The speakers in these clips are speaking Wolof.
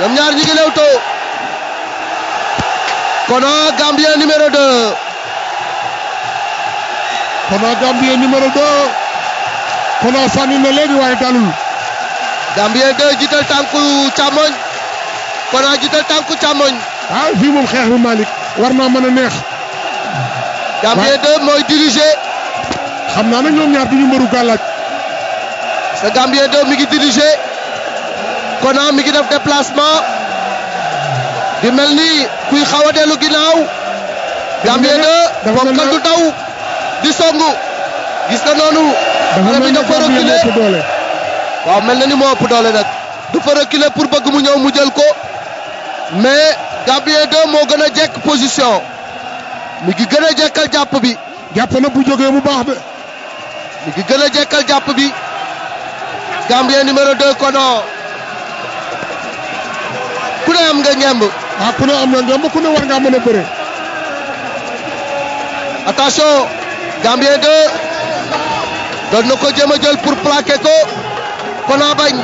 ñoom ñaar ñu ngi lewtoo Kono Gambien numéro 2 Kono Gambien numéro 2 Kono sànni na léegi waaye dalul Gambien 2 jiital tànku càmmoñ Kono jiital tànku càmmoñ ah fii moom xeex bi Malick war naa mën a neex Gambien 2 mooy diriger xam naa ne ñoom ñaar duñu mbëru gàllaaj sa Gambien 2 mi ngi diriger Kona mi ngi def déplacement di mel ni kuy xaw a dellu ginnaaw. Gambie de moom kaddu taw di songu gis na noonu. xale bi dafa reculer waaw mel na ni moo ëpp doole nag. dafa reculer pour bëgg mu ñëw mu jël ko mais Gambie de moo gën a jekk position mi ngi gën a jekkal jàpp bi. jàpp na bu jógee mu baax ba. mi ngi gën a jekkal jàpp bi Gambien numéro 2 Kono. ku ne am nga ngemb. ah ku ne am nga ngemb ne war ngaa mën bëre. attention. Gambien 2 doon na ko jéem a jël pour plaqué ko Kona bañ.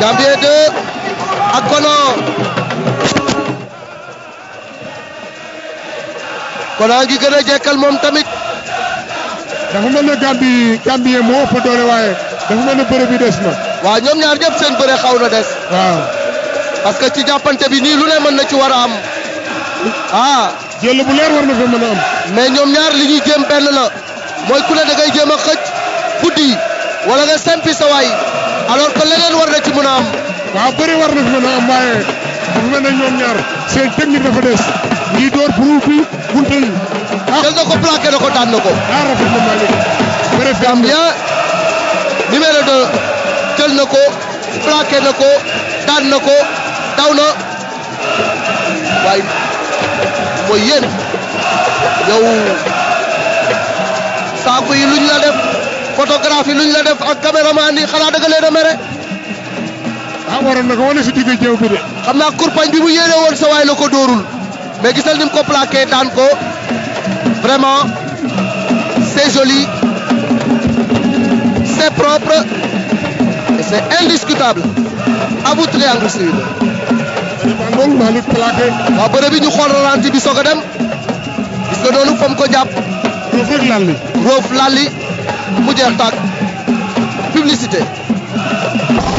Gambien 2 ak Kona. Kona ngi gën a jekkal moom tamit. dafa mel ne Gambie Gambien moo ëpp waaye. dafa mel ni bëre bi des na. waaw ñoom ñaar ñëpp seen bëre xaw na des. waaw. parce que ci jàppante bi nii lu ne mën na ci war a am. ah. jël bu leer war na fa mën a am. mais ñoom ñaar li ñuy jéem benn la mooy ku ne da ngay jéem a xëcc buddi wala nga sempi sa waay alors que leneen war na ci mën a am. waaw bëri war na fi mën a am waaye dafa mel ne ñoom ñaar seen technique dafa des ñuy door pour fi buntal. ah jël na ko plaqué na ko daan ko. ah rafet na Malick. Gambia को block करने को डालने को down white वो ये यो साफ लड़े फोटोग्राफी लुंग लड़े कैमरा मानी खराब कर ले रहे मेरे हाँ वो रंग वाले सिटी के क्यों पीले हम ना कुर्पान भी ये रहे और सवाई लोगों डोरुल मैं किसान दिन को प्लाक के डान को vraiment c'est joli c'est propre c'est indiscutable Abou Triangle Sud. waaw bëre bi ñu xool ralenti bi soog a dem gis nga noonu fam ko jàpp. roof lalli. roof lalli mu